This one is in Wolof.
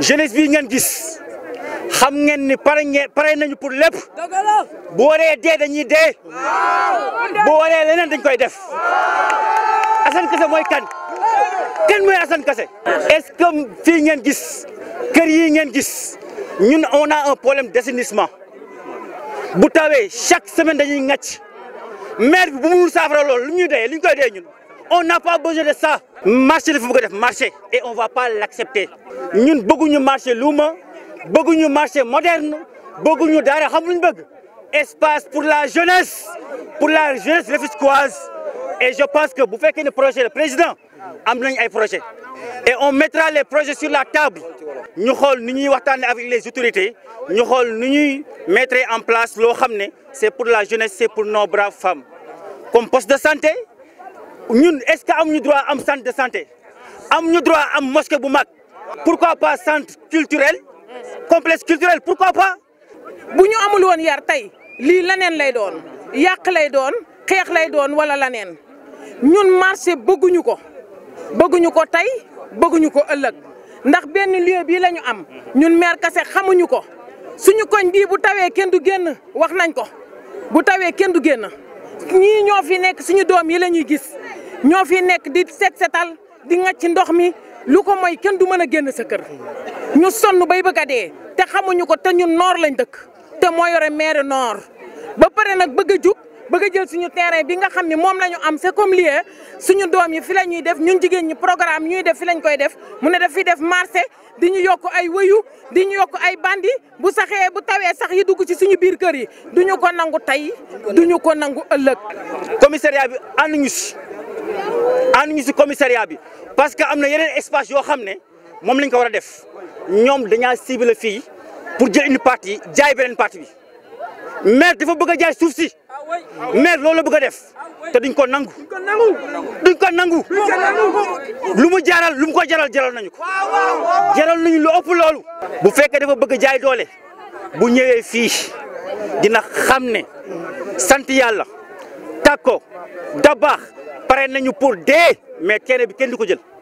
jeunesse bi ngeen gis xam ngeen ni paré paré nañu pour lepp bu waré dé dañuy dé bu waré leneen dañ koy def asan kasse moy kan kan moy asan kasse est-ce que fi ngeen gis kër yi ngeen gis ñun on a un problème d'assainissement bu tawé chaque semaine dañuy ngatch maire bi bu mu safara loolu lu ñuy dee koy dé ñun on n'a pas besoin de ça marché de Foucault, marché et on ne va pas l'accepter ñun marcher marché beaucoup un marché moderne beaucoup dara xam luñ bëgg espace pour la jeunesse pour la jeunesse réfugiée. et je pense que vous faites un projet le président am nañ projet et on mettra les projets sur la table Nous allons nous avec les autorités Nous allons mettre en place le xam c'est pour la jeunesse c'est pour nos braves femmes comme poste de santé ñun est-ce que am ñu droit am centre de santé am ñu droit am mosquée bu mag pour quoi pa centre culturel complexe culturel pourquoi pas. bu ñu amul woon yar tey lii laneen lay doon yàq lay doon xeex lay doon wala laneen ñun marché bëgguñu ko bëgguñu ko tey bëgguñu ko ëllëg ndax benn lieu bii la ñu am ñun maire kase xamuñu ko suñu koñ bii bu tawee kenn du génn wax nañ ko bu tawee kenn du génn ñii ñoo fi nekk suñu doom yi lañuy gis. ño fi nek di set setal di ci ndox mi lu ko mooy kenn du meuna genn sa keur ñu sonu bay bëgg a te xamuñu ko te ñun nor lañ dëkk te mo yoré maire nor ba paré nak bëgg juk jël suñu terrain bi nga xamni mom lañu am c'est comme lié suñu doom yi fi lañuy def ñun jigéen ñi programme ñuy def fi lañ koy def mu ne da fi def marché di ñu yok ay wëyu di ñu yok ay bandi bu saxé bu tawé sax yi dugg ci suñu biir kër yi duñu ko nangu tay duñu ko nangu ëlëk commissariat bi anuñu ànd ñu si commissariat bi parce que am na yeneen espace yoo xam ne moom lañ ko war a def ñoom dañaa ciblé fii pour jël une partie jaay beneen parti bi maire dafa bëgg a jaay suuf si maire loolu la bëgg a def te duñ ko nangu. duñ ko nangu lu mu jaral lu mu ko jaral jaral nañu ko jaral nañu lu ëpp loolu. bu fekkee dafa bëgg a jaay doole bu ñëwee fii dina xam ne sant yàlla takko da baax. pare nañu pour dee mais kenn bi kenn du ko jël.